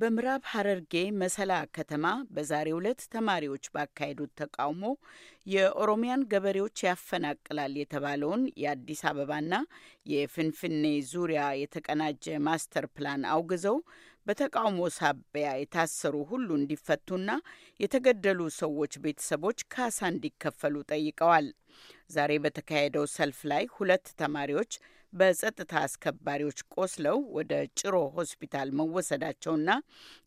በምዕራብ ሐረርጌ መሰላ ከተማ በዛሬው ዕለት ተማሪዎች ባካሄዱት ተቃውሞ የኦሮሚያን ገበሬዎች ያፈናቅላል የተባለውን የአዲስ አበባና የፍንፍኔ ዙሪያ የተቀናጀ ማስተር ፕላን አውግዘው በተቃውሞ ሳቢያ የታሰሩ ሁሉ እንዲፈቱና የተገደሉ ሰዎች ቤተሰቦች ካሳ እንዲከፈሉ ጠይቀዋል። ዛሬ በተካሄደው ሰልፍ ላይ ሁለት ተማሪዎች በጸጥታ አስከባሪዎች ቆስለው ወደ ጭሮ ሆስፒታል መወሰዳቸውና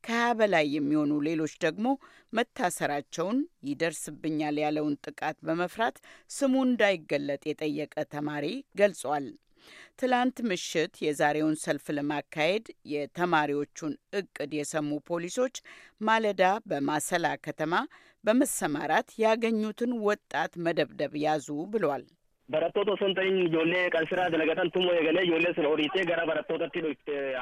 ከሀያ በላይ የሚሆኑ ሌሎች ደግሞ መታሰራቸውን ይደርስብኛል ያለውን ጥቃት በመፍራት ስሙ እንዳይገለጥ የጠየቀ ተማሪ ገልጿል። ትላንት ምሽት የዛሬውን ሰልፍ ለማካሄድ የተማሪዎቹን እቅድ የሰሙ ፖሊሶች ማለዳ በማሰላ ከተማ በመሰማራት ያገኙትን ወጣት መደብደብ ያዙ ብሏል። በረቶቶ ሰንጠኝ ጆሌ ቀንስራ ቱሞ ጆሌ ገራ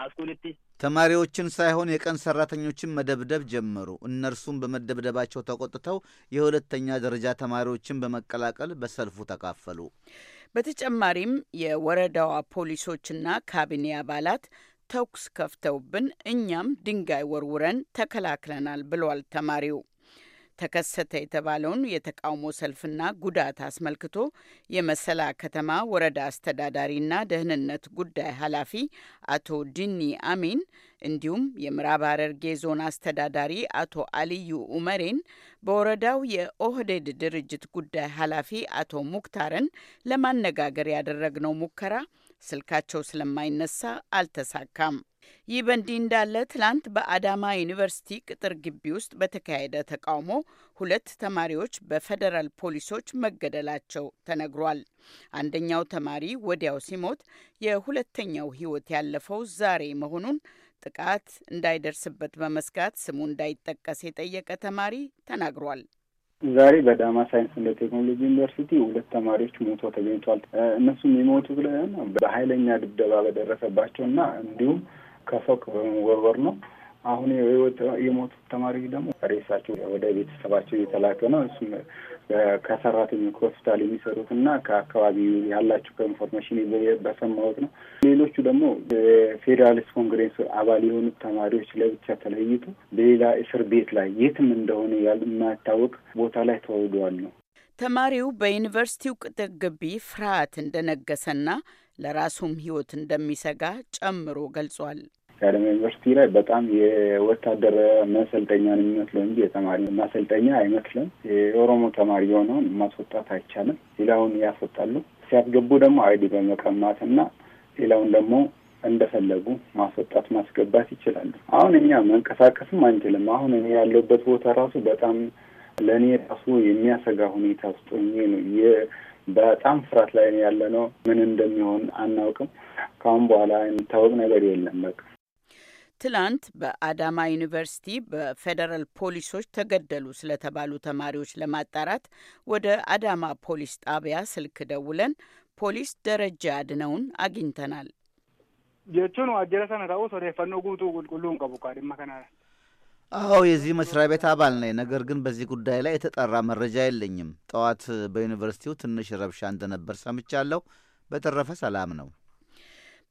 አስኩልቲ ተማሪዎችን ሳይሆን የቀን ሰራተኞችን መደብደብ ጀመሩ። እነርሱም በመደብደባቸው ተቆጥተው የሁለተኛ ደረጃ ተማሪዎችን በመቀላቀል በሰልፉ ተካፈሉ። በተጨማሪም የወረዳዋ ፖሊሶችና ካቢኔ አባላት ተኩስ ከፍተውብን እኛም ድንጋይ ወርውረን ተከላክለናል ብሏል ተማሪው። ተከሰተ የተባለውን የተቃውሞ ሰልፍና ጉዳት አስመልክቶ የመሰላ ከተማ ወረዳ አስተዳዳሪና ደህንነት ጉዳይ ኃላፊ አቶ ዲኒ አሚን እንዲሁም የምዕራብ ሐረርጌ ዞን አስተዳዳሪ አቶ አልዩ ኡመሬን በወረዳው የኦህዴድ ድርጅት ጉዳይ ኃላፊ አቶ ሙክታርን ለማነጋገር ያደረግነው ሙከራ ስልካቸው ስለማይነሳ አልተሳካም። ይህ በእንዲህ እንዳለ ትላንት በአዳማ ዩኒቨርሲቲ ቅጥር ግቢ ውስጥ በተካሄደ ተቃውሞ ሁለት ተማሪዎች በፌዴራል ፖሊሶች መገደላቸው ተነግሯል። አንደኛው ተማሪ ወዲያው ሲሞት የሁለተኛው ሕይወት ያለፈው ዛሬ መሆኑን ጥቃት እንዳይደርስበት በመስጋት ስሙ እንዳይጠቀስ የጠየቀ ተማሪ ተናግሯል። ዛሬ በዳማ ሳይንስ እንደ ቴክኖሎጂ ዩኒቨርሲቲ ሁለት ተማሪዎች ሞቶ ተገኝቷል። እነሱም የሞቱ ብለን በኃይለኛ ድብደባ በደረሰባቸው እና እንዲሁም ከፎቅ በመወርወር ነው። አሁን የሞቱ ተማሪ ደግሞ ሬሳቸው ወደ ቤተሰባቸው እየተላከ ነው። እሱም ከሰራተኞች ከሆስፒታል የሚሰሩት እና ከአካባቢ ያላቸው ከኢንፎርሜሽን በሰማሁት ነው። ሌሎቹ ደግሞ የፌዴራሊስት ኮንግሬስ አባል የሆኑት ተማሪዎች ለብቻ ተለይቶ በሌላ እስር ቤት ላይ የትም እንደሆነ የማይታወቅ ቦታ ላይ ተወውደዋል ነው። ተማሪው በዩኒቨርሲቲው ቅጥር ግቢ ፍርሃት እንደነገሰና ለራሱም ሕይወት እንደሚሰጋ ጨምሮ ገልጿል። ከአዳማ ዩኒቨርሲቲ ላይ በጣም የወታደር መሰልጠኛ ነው የሚመስለው እንጂ የተማሪ መሰልጠኛ አይመስልም። የኦሮሞ ተማሪ የሆነውን ማስወጣት አይቻልም። ሌላውን ያስወጣሉ። ሲያስገቡ ደግሞ አይዲ በመቀማት እና ሌላውን ደግሞ እንደፈለጉ ማስወጣት ማስገባት ይችላሉ። አሁን እኛ መንቀሳቀስም አንችልም። አሁን እኔ ያለሁበት ቦታ ራሱ በጣም ለእኔ ራሱ የሚያሰጋ ሁኔታ ውስጥ ነው። በጣም ፍርሃት ላይ ያለ ነው። ምን እንደሚሆን አናውቅም። ከአሁን በኋላ የሚታወቅ ነገር የለም በቃ ትላንት በአዳማ ዩኒቨርሲቲ በፌዴራል ፖሊሶች ተገደሉ ስለተባሉ ተማሪዎች ለማጣራት ወደ አዳማ ፖሊስ ጣቢያ ስልክ ደውለን ፖሊስ ደረጃ አድነውን አግኝተናል። ጀቹን ዋጀረ ወደ ፈኖ ጉቱ ቁልቁሉን አዎ የዚህ መስሪያ ቤት አባል ነኝ። ነገር ግን በዚህ ጉዳይ ላይ የተጠራ መረጃ የለኝም። ጠዋት በዩኒቨርሲቲው ትንሽ ረብሻ እንደነበር ሰምቻለሁ። በተረፈ ሰላም ነው።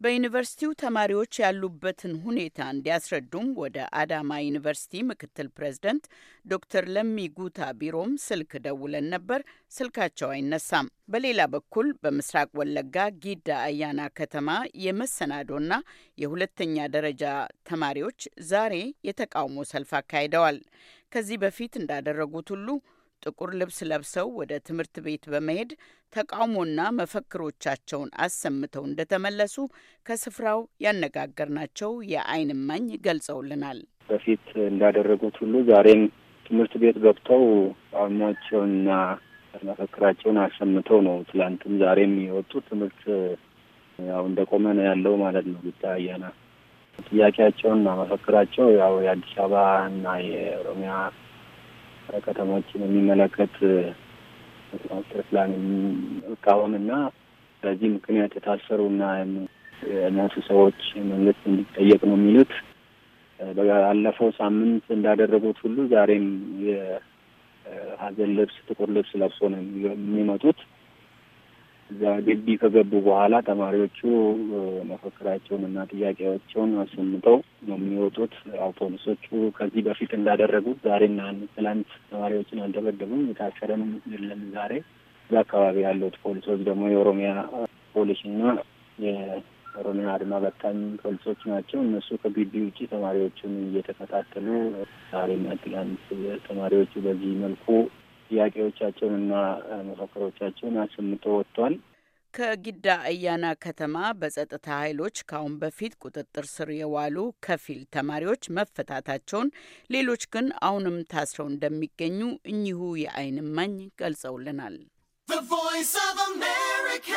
በዩኒቨርሲቲው ተማሪዎች ያሉበትን ሁኔታ እንዲያስረዱም ወደ አዳማ ዩኒቨርሲቲ ምክትል ፕሬዝደንት ዶክተር ለሚ ጉታ ቢሮም ስልክ ደውለን ነበር። ስልካቸው አይነሳም። በሌላ በኩል በምስራቅ ወለጋ ጊዳ አያና ከተማ የመሰናዶና የሁለተኛ ደረጃ ተማሪዎች ዛሬ የተቃውሞ ሰልፍ አካሂደዋል። ከዚህ በፊት እንዳደረጉት ሁሉ ጥቁር ልብስ ለብሰው ወደ ትምህርት ቤት በመሄድ ተቃውሞና መፈክሮቻቸውን አሰምተው እንደተመለሱ ከስፍራው ያነጋገርናቸው የዓይን እማኝ ገልጸውልናል። በፊት እንዳደረጉት ሁሉ ዛሬም ትምህርት ቤት ገብተው ተቃውሟቸውንና መፈክራቸውን አሰምተው ነው ትላንትም ዛሬም የወጡ ትምህርት ያው እንደቆመ ነው ያለው ማለት ነው። ይታያና ጥያቄያቸውና መፈክራቸው ያው የአዲስ አበባና የኦሮሚያ ከተማችን የሚመለከት ማስተር ፕላን እቃወምና በዚህ ምክንያት የታሰሩና የሞቱ ሰዎች መንግስት እንዲጠየቅ ነው የሚሉት። ባለፈው ሳምንት እንዳደረጉት ሁሉ ዛሬም የሀዘን ልብስ፣ ጥቁር ልብስ ለብሶ ነው የሚመጡት። እዛ ግቢ ከገቡ በኋላ ተማሪዎቹ መፈክራቸውን እና ጥያቄያቸውን አሰምተው ነው የሚወጡት። አውቶቡሶቹ ከዚህ በፊት እንዳደረጉት ዛሬና ትላንት ተማሪዎችን አልደበደቡም፣ የታሰረም የለም። ዛሬ እዛ አካባቢ ያሉት ፖሊሶች ደግሞ የኦሮሚያ ፖሊስ እና የኦሮሚያ አድማ በታኝ ፖሊሶች ናቸው። እነሱ ከግቢ ውጭ ተማሪዎቹን እየተከታተሉ ዛሬና ትላንት ተማሪዎቹ በዚህ መልኩ ጥያቄዎቻቸውን እና መፈክሮቻቸውን አሰምቶ ወጥቷል። ከጊዳ አያና ከተማ በጸጥታ ኃይሎች ከአሁን በፊት ቁጥጥር ስር የዋሉ ከፊል ተማሪዎች መፈታታቸውን፣ ሌሎች ግን አሁንም ታስረው እንደሚገኙ እኚሁ የአይን እማኝ ገልጸውልናል። ቮይስ ኦፍ አሜሪካ